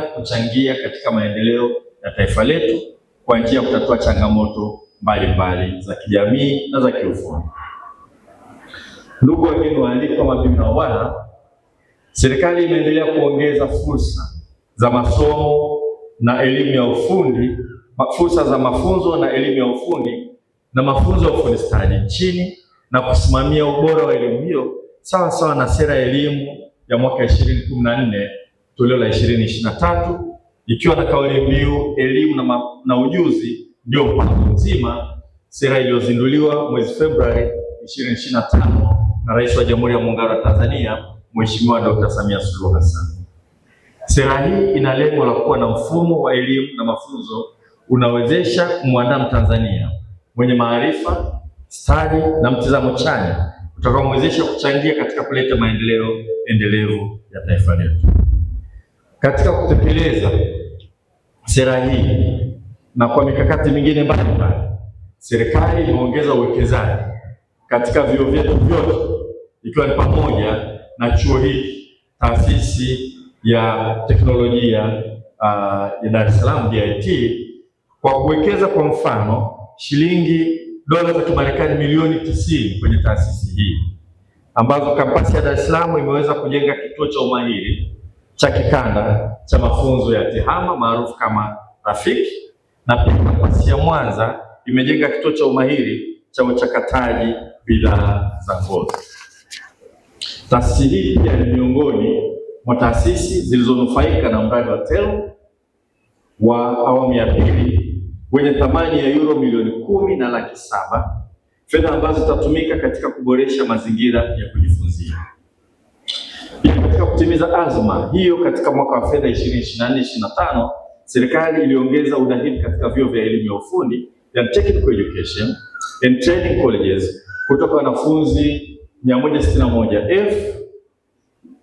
kuchangia katika maendeleo ya taifa letu kwa njia ya kutatua changamoto mbalimbali za kijamii na za kiufundi. Ndugu wageni waalikwa, mabibi na mabwana, serikali imeendelea kuongeza fursa za masomo na elimu ya ufundi, fursa za mafunzo na elimu ya ufundi na mafunzo ya ufundi stadi nchini na kusimamia ubora wa elimu hiyo sawa sawa na sera ya elimu ya mwaka 2014 toleo la 2023 ikiwa na kauli mbiu elimu na, na ujuzi ndio mpango mzima, sera iliyozinduliwa mwezi Februari 2025 na na Rais wa Jamhuri ya Muungano wa Tanzania Mheshimiwa Dr. Samia Suluhu Hassan. Sera hii ina lengo la kuwa na mfumo wa elimu na mafunzo unawezesha kumwandaa Mtanzania mwenye maarifa, stadi na mtizamo chanya utakaomwezesha kuchangia katika kuleta maendeleo endelevu ya taifa letu. Katika kutekeleza sera hii na kwa mikakati mingine mbalimbali, serikali imeongeza uwekezaji katika vyuo vyetu vyote ikiwa ni pamoja na chuo hiki, taasisi ya teknolojia uh, ya Dar es Salaam DIT, kwa kuwekeza kwa mfano shilingi dola za Kimarekani milioni tisini kwenye taasisi hii, ambazo kampasi ya Dar es Salaam imeweza kujenga kituo cha umahiri cha kikanda cha mafunzo ya TEHAMA maarufu kama Rafiki, na pia kampasi ya Mwanza imejenga kituo cha umahiri cha uchakataji bidhaa za ngozi. Taasisi hii pia ni miongoni mwa taasisi zilizonufaika na mradi wa TEL wa awamu ya pili wenye thamani ya euro milioni kumi na laki saba, fedha ambazo zitatumika katika kuboresha mazingira ya kujifunzia. Ili katika kutimiza azma hiyo, katika mwaka wa fedha 2024 2025 serikali iliongeza udahili katika vyuo vya elimu ya ufundi ya technical education and training colleges kutoka wanafunzi 161,000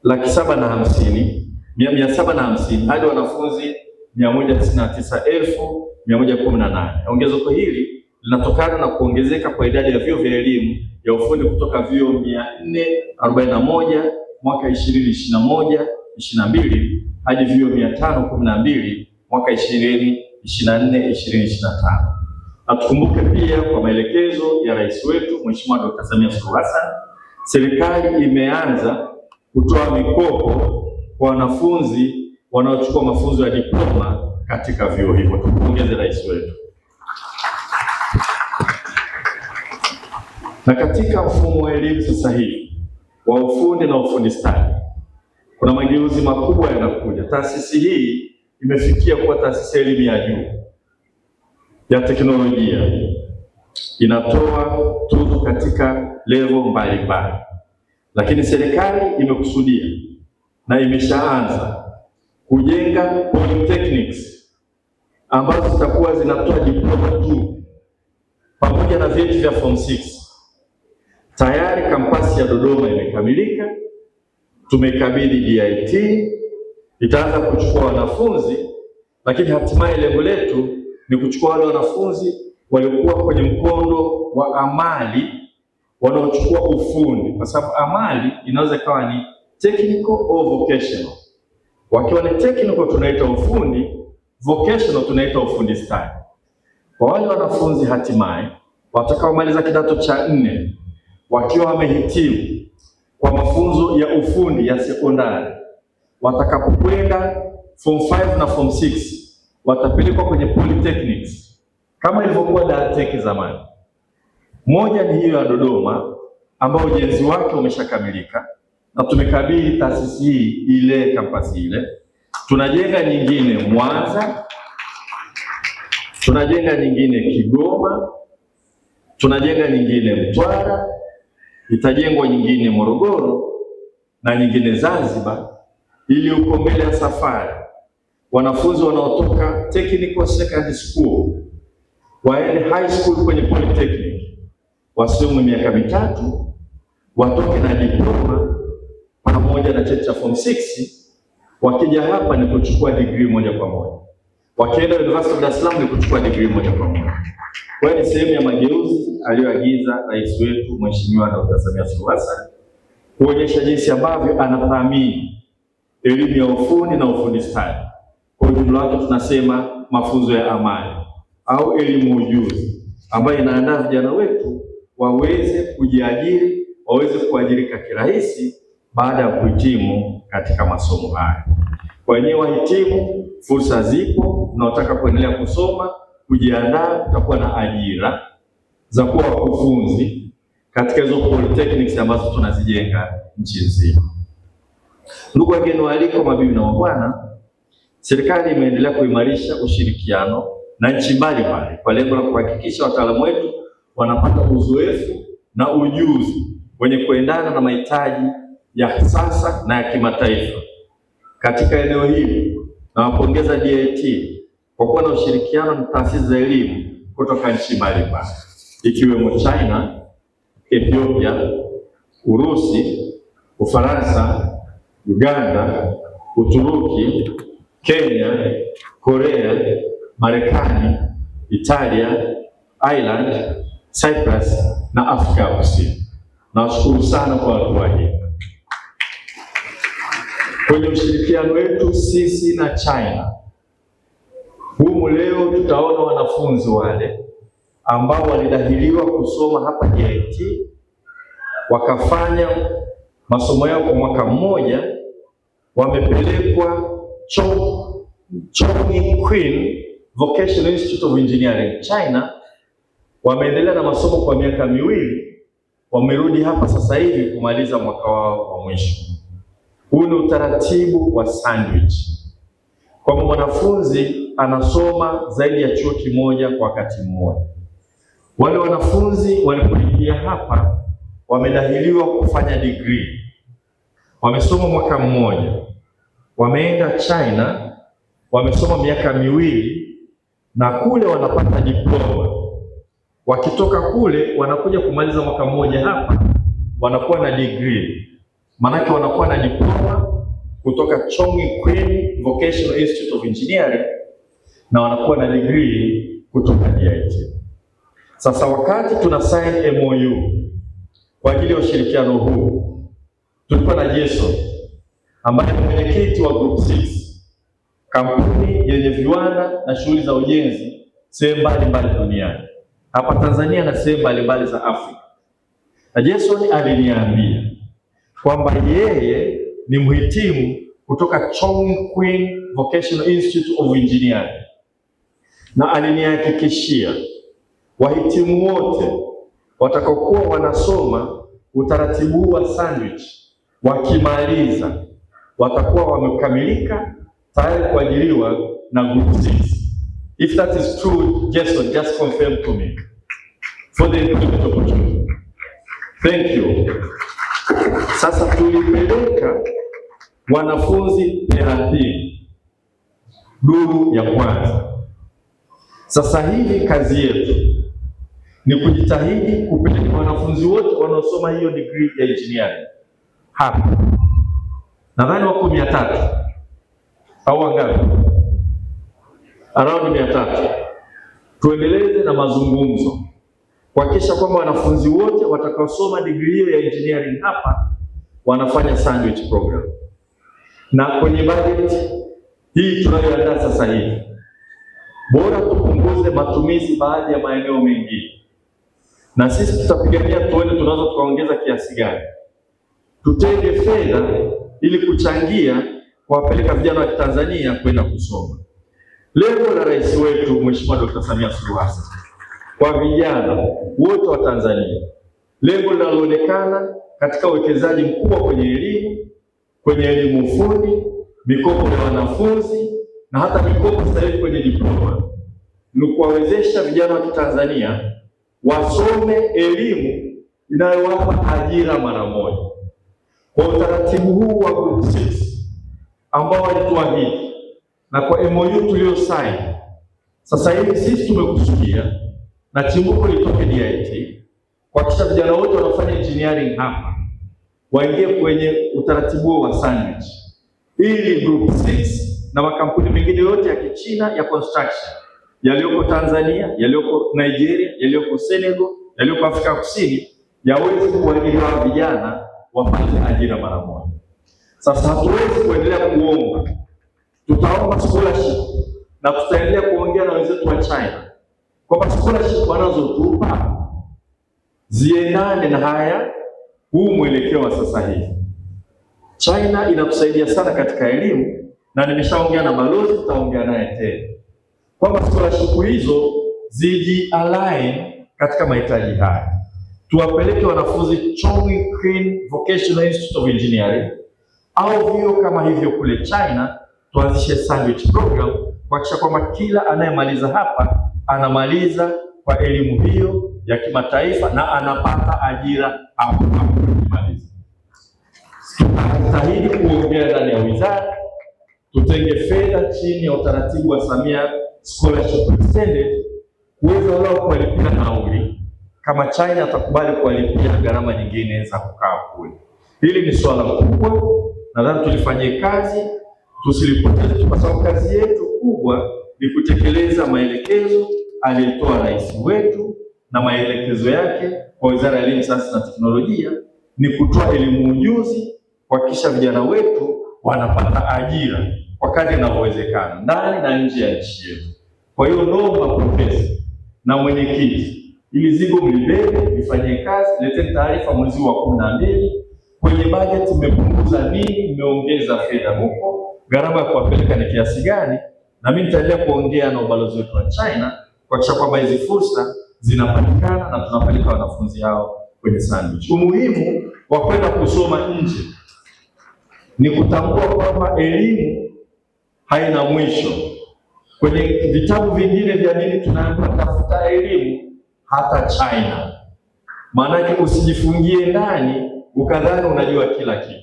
laki saba na hamsini mia saba na hamsini hadi wanafunzi mia moja tisini tisa elfu mia moja kumi na nane. Ongezeko hili linatokana na kuongezeka kwa idadi ya vyuo vya elimu ya ufundi kutoka vyuo mia nne arobaini moja mwaka 2021, 22 hadi vyuo 512 mwaka 2024, 2025. Na tukumbuke pia kwa maelekezo ya rais wetu Mheshimiwa Dr. Samia Suluhu Hassan, serikali imeanza kutoa mikopo kwa wanafunzi wanaochukua mafunzo ya diploma katika vyuo hivyo. Tumpongeze rais wetu. Na katika mfumo wa elimu sasa hivi wa ufundi na ufundi stadi. Kuna mageuzi makubwa yanakuja. Taasisi hii imefikia kuwa taasisi ya elimu ya juu ya teknolojia, inatoa tuzo katika levo mbalimbali, lakini serikali imekusudia na imeshaanza kujenga polytechnics ambazo zitakuwa zinatoa diploma tu pamoja na vyeti vya form Tayari kampasi ya Dodoma imekamilika, tumekabidhi DIT, itaanza kuchukua wanafunzi, lakini hatimaye lengo letu ni kuchukua wale wanafunzi waliokuwa kwenye mkondo wa amali wanaochukua ufundi, kwa sababu amali inaweza ikawa ni technical au vocational. Wakiwa ni technical tunaita ufundi, vocational tunaita ufundi stadi. Kwa wale wanafunzi hatimaye watakaomaliza kidato cha nne wakiwa wamehitimu kwa mafunzo ya ufundi ya sekondari, watakapokwenda form 5 na form 6 watapelekwa kwenye polytechnics kama ilivyokuwa Daateki zamani. Moja ni hiyo ya Dodoma ambayo ujenzi wake umeshakamilika na tumekabidhi taasisi hii ile kampasi ile. Tunajenga nyingine Mwanza, tunajenga nyingine Kigoma, tunajenga nyingine Mtwara itajengwa nyingine Morogoro na nyingine Zanzibar, ili uko mbele ya safari wanafunzi wanaotoka Technical second School waende high school kwenye polytechnic, wasome miaka mitatu, watoke na diploma pamoja na cheti cha form 6. Wakija hapa ni kuchukua degree moja kwa moja, wakienda University of Dar es Salaam ni kuchukua degree moja kwa moja. Kwa hiyo ni sehemu ya mageuzi aliyoagiza rais wetu Mheshimiwa Dr. Samia Suluhu Hassan kuonyesha jinsi ambavyo anathamini elimu ya ufundi na ufundi stadi. Kwa ujumla wake tunasema mafunzo ya amali au elimu ujuzi ambayo inaandaa vijana wetu waweze kujiajiri, waweze kuajirika kirahisi baada ya kuhitimu katika masomo haya. Kwa wenyewe wahitimu, fursa zipo, unaotaka kuendelea kusoma kujiandaa, tutakuwa na ajira za kuwa wakufunzi katika hizo polytechnics ambazo tunazijenga nchi nzima. Ndugu wageni waalikwa, mabibi na mabwana, serikali imeendelea kuimarisha ushirikiano na nchi mbalimbali kwa lengo la kuhakikisha wataalamu wetu wanapata uzoefu na ujuzi wenye kuendana na mahitaji ya sasa na ya kimataifa katika eneo hili. Nawapongeza DAT kwa kuwa na ushirikiano na taasisi za elimu kutoka nchi mbalimbali ikiwemo China, Ethiopia, Urusi, Ufaransa, Uganda, Uturuki, Kenya, Korea, Marekani, Italia, Ireland, Cyprus na Afrika ya Kusini. Nawashukuru sana kwa watu hii. Kwenye ushirikiano wetu sisi na China humu leo tutaona wanafunzi wale ambao walidahiliwa kusoma hapa JIT wakafanya masomo yao kwa mwaka mmoja, wamepelekwa Chongqing Queen Vocational Institute of Engineering China, wameendelea na masomo kwa miaka miwili, wamerudi hapa sasa hivi kumaliza mwaka wao wa mwisho. Huu ni utaratibu wa sandwich, kwa mwanafunzi anasoma zaidi ya chuo kimoja kwa wakati mmoja. Wale wanafunzi walipoingia hapa wamedahiliwa kufanya degree, wamesoma mwaka mmoja, wameenda China wamesoma miaka miwili, na kule wanapata diploma. Wakitoka kule wanakuja kumaliza mwaka mmoja hapa, wanakuwa na degree, maanake wanakuwa na diploma kutoka Chongqing Vocational Institute of Engineering na wanakuwa na degree kutoka DIT. Sasa wakati tuna sign MOU kwa ajili ya ushirikiano huu, tulikuwa na jason ambaye ni mwenyekiti wa Group 6, kampuni yenye viwanda na shughuli za ujenzi sehemu mbalimbali duniani, hapa Tanzania na sehemu mbalimbali za Afrika. Na Jason aliniambia kwamba yeye ni mhitimu kutoka Chongqing Vocational Institute of Engineering na alinihakikishia wahitimu wote watakokuwa wanasoma utaratibu huu wa sandwich wakimaliza watakuwa wamekamilika tayari kuajiriwa na group 6. If that is true, Jason, just confirm to me for the employment opportunity. Thank you. Sasa tulipeleka wanafunzi 30 duru ya kwanza sasa hivi kazi yetu ni kujitahidi kupeleka wanafunzi wote wanaosoma hiyo degree ya engineering hapa, nadhani wako mia tatu au wangapi? Around mia tatu. Tuendeleze na mazungumzo kuhakikisha kwamba wanafunzi wote watakaosoma degree hiyo ya engineering hapa wanafanya sandwich program, na kwenye budget hii tunayoandaa sasa hivi bora tupunguze matumizi baadhi ya maeneo mengine, na sisi tutapigania tuone tunaweza tukaongeza kiasi gani, tutenge fedha ili kuchangia kuwapeleka vijana wa Tanzania kwenda kusoma. Lengo la rais wetu Mheshimiwa Dr. Samia Suluhu Hassan kwa vijana wote wa Tanzania, lengo linaloonekana katika uwekezaji mkubwa kwenye elimu, kwenye elimu fundi, mikopo ya wanafunzi na hata mikopo sasa hivi kwenye diploma ni kuwawezesha vijana wa Kitanzania wasome elimu inayowapa ajira mara moja. Kwa utaratibu huu wa group 6 ambao walituahidi na kwa MOU sign, sasa hivi sisi tumekusudia na chimbuko litoke DIT kuhakikisha vijana wote wanaofanya engineering hapa waingie kwenye utaratibu wa sandwich ili group na makampuni mengine yote ya Kichina ya construction yaliyoko Tanzania, yaliyoko Nigeria, yaliyoko Senegal, yaliyoko Afrika Kusini yaweze kuajiri wao vijana wapate ajira mara moja. Sasa hatuwezi kuendelea kuomba, tutaomba scholarship na tutaendelea kuongea na wenzetu wa China kwamba scholarship wanazotupa ziendane na haya huu mwelekeo wa sasa hivi. China inatusaidia sana katika elimu na nimeshaongea na balozi, tutaongea naye tena kwamba scholarship hizo ziji align katika mahitaji haya, tuwapeleke wanafunzi Chongqing Clean Vocational Institute of Engineering au vio kama hivyo kule China, tuanzishe sandwich program kuhakikisha kwamba kila anayemaliza hapa anamaliza kwa elimu hiyo ya kimataifa na anapata ajira hapo hapo. Tunajitahidi kuongea ndani ya wizara tutenge fedha chini ya utaratibu wa Samia Scholarship Extended kuweza wao kuwalipia nauli kama China atakubali kuwalipia gharama nyingine za kukaa kule. Hili ni swala kubwa, nadhani tulifanye kazi, tusilipoteze, kwa sababu kazi yetu kubwa ni kutekeleza maelekezo aliyotoa rais wetu na maelekezo yake kwa Wizara ya Elimu, Sayansi na Teknolojia ni kutoa elimu ujuzi, kuhakikisha vijana wetu wanapata ajira kwa kadri inavyowezekana ndani na nje ya nchi yetu. Kwa hiyo naomba Profesa na mwenyekiti, ili zigo mlibebe, lifanyie kazi, leteni taarifa mwezi wa kumi na mbili kwenye bajeti mmepunguza nini, mmeongeza fedha huko, gharama ya kuwapeleka ni kiasi gani, na mimi nitaendelea kuongea na ubalozi wetu wa China kuhakikisha kwamba hizi fursa zinapatikana na tunapeleka wanafunzi hao kwenye sandwich. Umuhimu wa kwenda kusoma nje ni kutambua kwamba elimu haina mwisho. Kwenye vitabu vingine vya dini tunaambiwa tafuta elimu hata China, maanake usijifungie ndani ukadhani unajua kila kitu.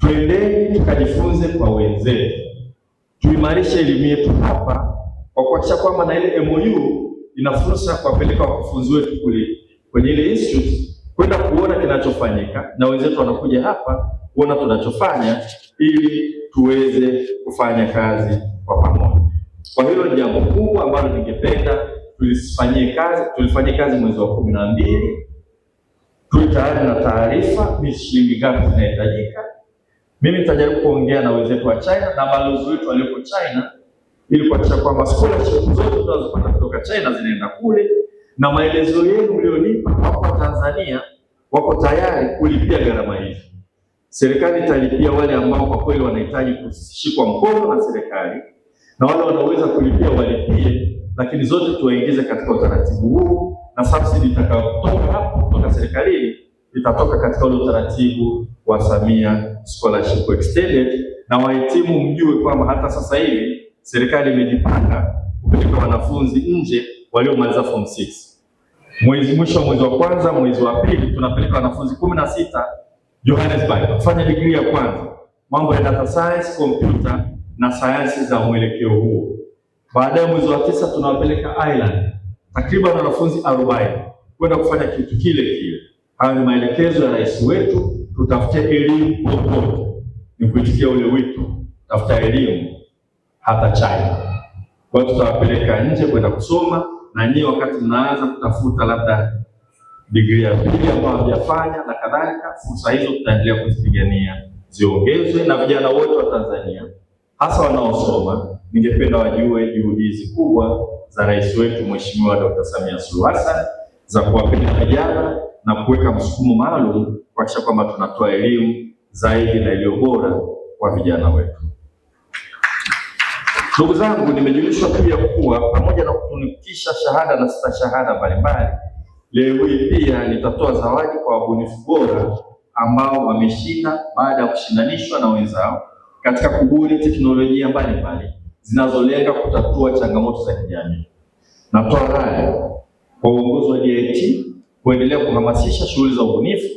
Twendeni tukajifunze kwa wenzetu, tuimarishe elimu yetu hapa kwa kuhakikisha kwamba na ile MOU ina fursa ya kuwapeleka wakufunzi wetu kule kwenye ile institute kwenda kuona kinachofanyika na wenzetu wanakuja hapa kuona tunachofanya ili tuweze kufanya kazi kwa pamoja. Kwa hilo jambo kuu ambalo ningependa tulifanyie kazi tulifanyie kazi mwezi wa kumi na mbili, tuwe tayari na taarifa ni shilingi ngapi zinahitajika. Mimi nitajaribu kuongea na wenzetu wa China na balozi wetu walioko China ili kuhakikisha kwamba scholarship zote tunazopata kutoka China zinaenda kule, na maelezo yenu mlionipa hapa Tanzania wako tayari kulipia gharama hizi. Serikali italipia wale ambao kwa kweli wanahitaji kushikwa mkono na serikali, na wale wanaoweza kulipia walipie, lakini zote tuwaingize katika utaratibu huu, na subsidy itakayotoka hapo kutoka serikalini itatoka katika ule utaratibu wa Samia Scholarship Extended. Na wahitimu mjue kwamba hata sasa hivi serikali imejipanga kupeleka wanafunzi nje waliomaliza form 6 mwezi mwisho wa mwezi wa kwanza mwezi wa pili tunapeleka wanafunzi kumi na sita Johannesburg, fanya degree ya kwanza mambo ya data science, computer na sayansi za mwelekeo huo. Baadaye mwezi wa tisa tunawapeleka Ireland takriban wanafunzi 40 kwenda kufanya kitu kile kile. Hayo ni maelekezo ya rais wetu, tutafute elimu popote. Ni kuitikia ule wito, tafuta elimu hata China. Kwa hiyo tutawapeleka nje kwenda kusoma, na nyie wakati mnaanza kutafuta labda digrii ya pili ambayo hajafanya na kadhalika. Fursa hizo tutaendelea kuzipigania ziongezwe, na vijana wote wa Tanzania hasa wanaosoma, ningependa wajue juhudi hizi kubwa za rais wetu Mheshimiwa Dr. Samia Suluhu Hassan za kuwapenda vijana na kuweka msukumo maalum kuhakikisha kwamba tunatoa elimu zaidi na iliyo bora kwa vijana wetu. Ndugu zangu, nimejulishwa pia kuwa pamoja na kutunikisha shahada na stashahada mbalimbali Leo hii pia nitatoa zawadi kwa wabunifu bora ambao wameshinda baada ya kushindanishwa na wenzao katika kubuni teknolojia mbalimbali zinazolenga kutatua changamoto za kijamii. Natoa haya kwa uongozi wa DIT kuendelea kuhamasisha shughuli za ubunifu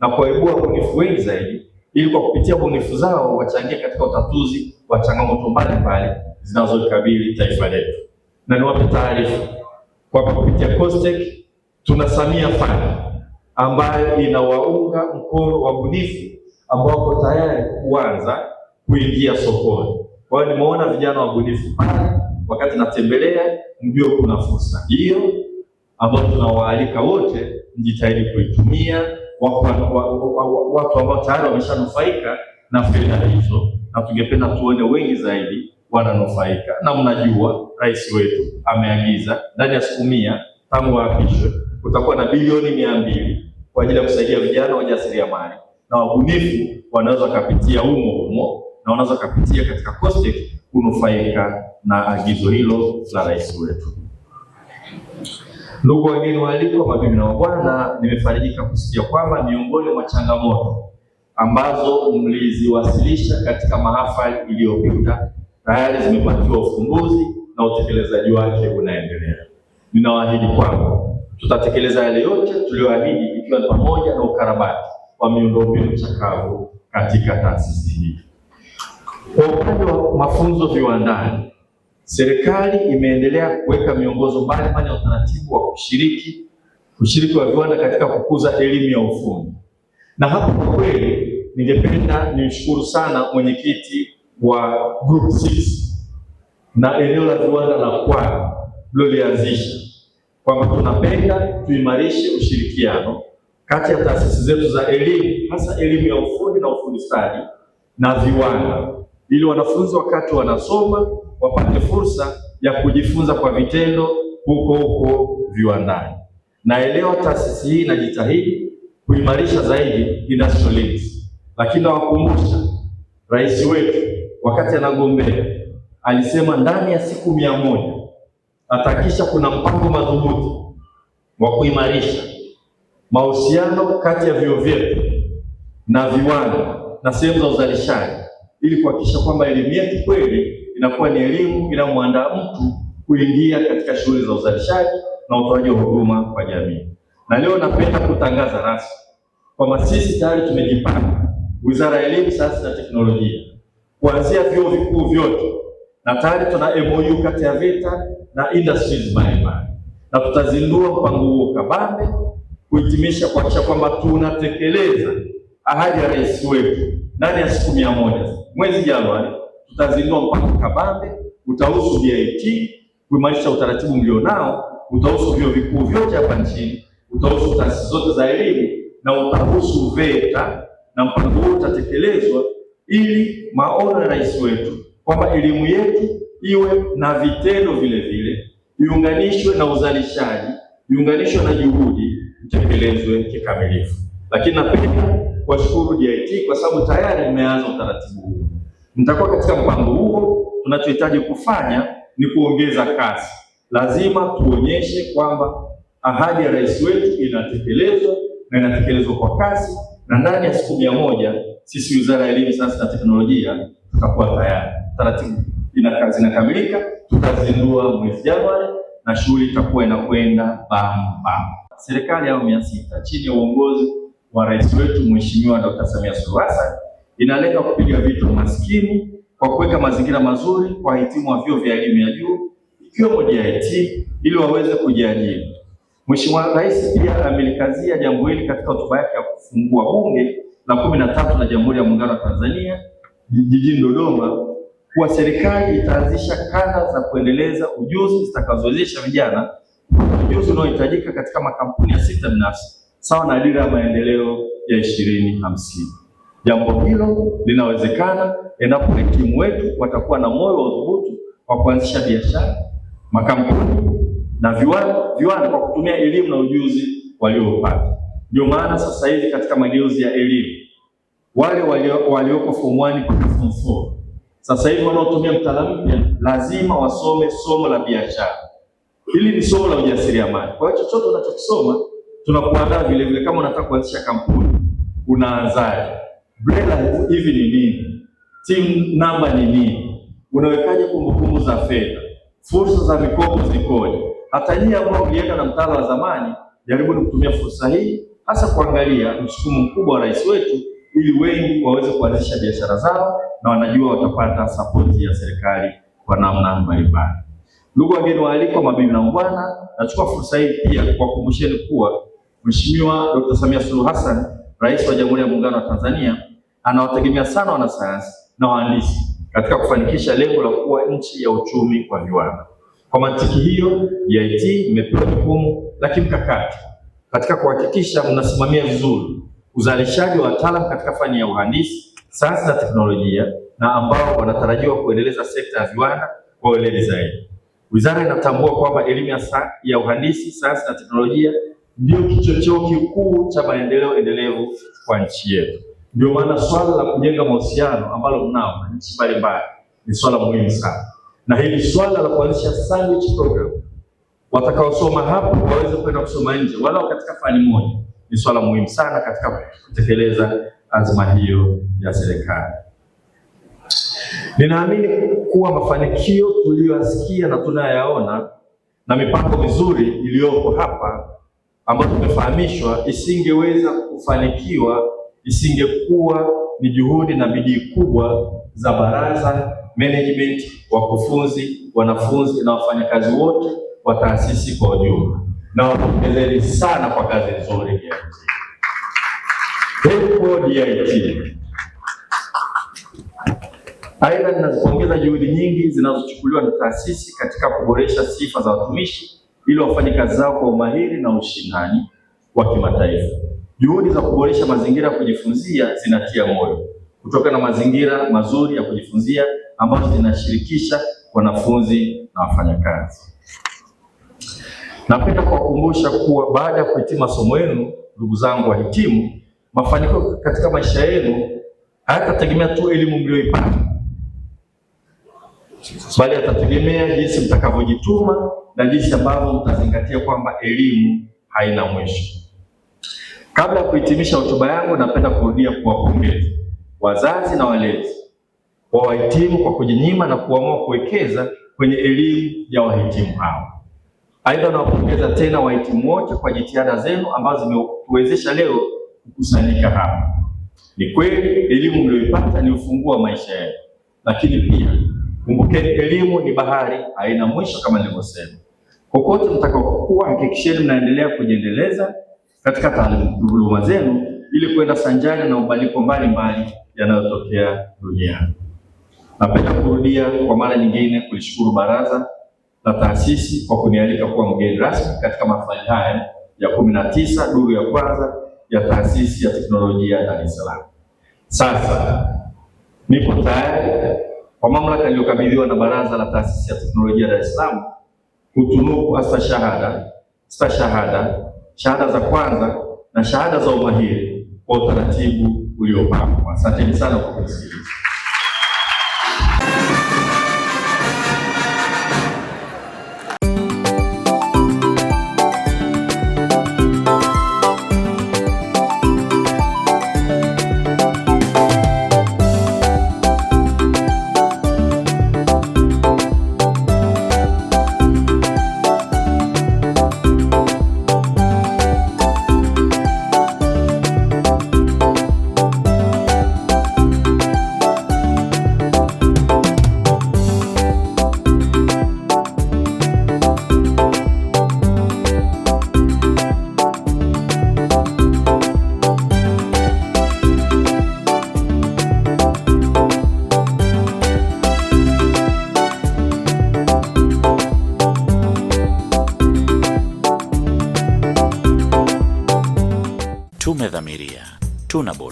na kuwaibua wabunifu wengi zaidi ili kwa kupitia ubunifu zao wachangie katika utatuzi wa changamoto mbalimbali zinazolikabili taifa letu. Na niwape taarifa kwa kupitia COSTECH Tuna Samia Fund ambayo inawaunga mkono wabunifu ambao wako tayari kuanza kuingia sokoni. Kwa hiyo nimeona vijana wabunifu pale, wakati natembelea, ndio kuna fursa hiyo ambayo tunawaalika wote mjitahidi kuitumia. Watu ambao tayari wameshanufaika na fedha hizo, na tungependa tuone wengi zaidi wananufaika, na mnajua rais wetu ameagiza ndani ya siku mia tangu aapishwe kutakuwa na bilioni mia mbili kwa ajili ya kusaidia vijana wajasiriamali na wabunifu, wanaweza wakapitia humo humo na wanaweza wakapitia katika COSTECH kunufaika na agizo hilo la rais wetu. Ndugu wageni waalikwa, mabibi na mabwana, nimefarijika kusikia kwamba miongoni mwa changamoto ambazo mliziwasilisha katika mahafali iliyopita tayari zimepatiwa ufumbuzi na utekelezaji wake unaendelea. Ninawaahidi kwamba Tutatekeleza yale yote tuliyoahidi, ikiwa ni pamoja na ukarabati wa miundombinu chakavu katika taasisi hii. Kwa upande wa mafunzo viwandani, serikali imeendelea kuweka miongozo mbalimbali ya utaratibu wa kushiriki ushiriki wa viwanda katika kukuza elimu ya ufundi. Na hapo kwa kweli ningependa nimshukuru sana mwenyekiti wa Group 6 na eneo la viwanda la kwa lilolianzisha kwamba tunapenda tuimarishe ushirikiano kati ya taasisi zetu za elimu hasa elimu ya ufundi na ufundi stadi na viwanda, ili wanafunzi wakati wanasoma wapate fursa ya kujifunza kwa vitendo huko huko viwandani. Naelewa taasisi hii inajitahidi kuimarisha zaidi industrial links, lakini nawakumbusha rais wetu wakati anagombea alisema ndani ya siku mia moja Atahakikisha kuna mpango madhubuti wa kuimarisha mahusiano kati ya vyuo vyetu na viwanda na sehemu za uzalishaji ili kuhakikisha kwamba elimu yetu kweli inakuwa ni elimu inayomwandaa mtu kuingia katika shughuli za uzalishaji na utoaji wa huduma kwa jamii. Na leo napenda kutangaza rasmi kwamba sisi tayari tumejipanga, Wizara ya Elimu, Sayansi na Teknolojia, kuanzia vyuo vikuu vyote na tayari tuna MOU kati ya VETA na industries mbalimbali, na tutazindua mpango huo kabambe kuhitimisha kuhakikisha kwamba tunatekeleza ahadi ya rais wetu ndani ya siku mia moja. Mwezi Januari tutazindua mpango kabambe, utahusu BIT kuimarisha utaratibu mlionao, utahusu vyuo vikuu vyote hapa nchini, utahusu taasisi zote za elimu na utahusu VETA, na mpango huo utatekelezwa ili maono ya rais wetu kwamba elimu yetu iwe na vitendo vile vile, iunganishwe na uzalishaji, iunganishwe na juhudi, itekelezwe kikamilifu. Lakini napenda kuwashukuru DIT kwa sababu tayari imeanza utaratibu huu. Mtakuwa katika mpango huo. Tunachohitaji kufanya ni kuongeza kasi. Lazima tuonyeshe kwamba ahadi ya rais wetu inatekelezwa na inatekelezwa kwa kasi, na ndani ya siku mia moja sisi wizara ya elimu, sayansi na teknolojia tutakuwa tayari taratibu zinakamilika, tutazindua mwezi Januari na shughuli itakuwa inakwenda bam. Serikali ya awamu ya sita chini ya uongozi wa rais wetu Mheshimiwa Dr. Samia Suluhu Hassan inalenga kupiga vita umaskini kwa kuweka mazingira mazuri kwa wahitimu wa vyuo vya elimu ya juu ikiwemo it ili waweze kujiajiri. Mheshimiwa Rais pia amelikazia jambo hili katika hotuba yake ya kufungua bunge la kumi na tatu la Jamhuri ya Muungano wa Tanzania jijini Dodoma kuwa serikali itaanzisha kada za kuendeleza ujuzi zitakazowezesha vijana ujuzi unaohitajika katika makampuni ya sekta binafsi sawa na dira ya maendeleo ya ishirini hamsini. Jambo hilo linawezekana endapo wahitimu wetu watakuwa na moyo wa udhubutu wa kuanzisha biashara, makampuni na viwanda, viwanda kwa kutumia elimu na ujuzi waliopata. Ndio maana sasa hivi katika mageuzi ya elimu wale walioko form 1 mpaka form sasa hivi wanaotumia mtaala mpya lazima wasome somo la biashara. Hili ni somo la ujasiriamali. Kwa hiyo chochote unachokisoma tunakuandaa vile vile. Kama unataka kuanzisha kampuni, unaanzaje? BRELA hivi ni nini? Team namba ni nini? Unawekaje kumbukumbu za fedha? Fursa za mikopo zikoje? Hata nyinyi ambao mlienda na mtaala wa zamani, ni kutumia fursa hii, hasa kuangalia msukumo mkubwa wa rais wetu, ili wengi waweze kuanzisha biashara zao na wanajua watapata sapoti ya serikali kwa namna mbalimbali. Ndugu wageni waalikwa, mabibi na mabwana, nachukua fursa hii pia kuwakumbusheni kuwa Mheshimiwa Dr. Samia Suluhu Hassan, Rais wa Jamhuri ya Muungano wa Tanzania, anawategemea sana wanasayansi na wahandisi katika kufanikisha lengo la kuwa nchi ya uchumi kwa viwanda. Kwa mantiki hiyo, DIT e imepewa jukumu la kimkakati katika kuhakikisha mnasimamia vizuri uzalishaji wa wataalamu katika fani ya uhandisi sayansi na teknolojia na ambao wanatarajiwa kuendeleza sekta ya viwanda kwa weledi zaidi. Wizara inatambua kwamba elimu ya, uhandisi, sayansi na teknolojia ndio kichocheo kikuu cha maendeleo endelevu kwa nchi yetu. Ndio maana swala la kujenga mahusiano ambalo mnao na nchi mbalimbali ni swala muhimu sana, na hili swala la kuanzisha sandwich program, watakaosoma hapo waweze kwenda kusoma nje walau katika fani moja, ni swala muhimu sana katika kutekeleza azma hiyo ya serikali. Ninaamini kuwa mafanikio tuliyoyasikia na tunayaona na mipango mizuri iliyoko hapa ambayo tumefahamishwa isingeweza kufanikiwa isingekuwa ni juhudi na bidii kubwa za baraza, management, wakufunzi, wanafunzi na wafanyakazi wote wa taasisi kwa ujumla, na wapongezeni sana kwa kazi nzuri. HEPBO DIT. Aidha, ninazipongeza juhudi nyingi zinazochukuliwa na taasisi katika kuboresha sifa za watumishi ili wafanye kazi zao kwa umahiri na ushindani wa kimataifa. Juhudi za kuboresha mazingira ya kujifunzia zinatia moyo kutokana na mazingira mazuri ya kujifunzia ambazo zinashirikisha wanafunzi na wafanyakazi. Napenda kuwakumbusha kuwa baada ya kuhitimu masomo yenu, ndugu zangu wahitimu mafanikio katika maisha yenu hayatategemea tu elimu mlioipata, bali yatategemea jinsi mtakavyojituma na jinsi ambavyo mtazingatia kwamba elimu haina mwisho. Kabla ya kuhitimisha hotuba yangu, napenda kurudia kuwapongeza wazazi na walezi wa wahitimu kwa kujinyima na kuamua kuwekeza kwenye elimu ya wahitimu hao. Aidha, nawapongeza tena wahitimu wote kwa jitihada zenu ambazo zimetuwezesha leo kukusanyika hapa. Ni kweli elimu mlioipata ni ufunguo wa maisha yenu, lakini pia kumbukeni, elimu ni bahari, haina mwisho kama nilivyosema. Kokote mtakapokuwa, hakikisheni mnaendelea kujiendeleza katika taaluma zenu ili kwenda sanjani na mabadiliko mbalimbali yanayotokea duniani. Napenda kurudia kwa mara nyingine kulishukuru Baraza la Taasisi kwa kunialika kuwa mgeni rasmi katika mafali haya ya kumi na tisa duru ya kwanza ya taasisi ya teknolojia ya Dar es Salaam. Sasa nipo tayari kwa mamlaka iliyokabidhiwa na Baraza la Taasisi ya Teknolojia ya Dar es Salaam kutunuku astashahada, stashahada, shahada za kwanza na shahada za umahiri kwa utaratibu uliopangwa. Asanteni sana kwa kusikiliza.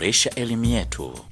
kuimarisha elimu yetu.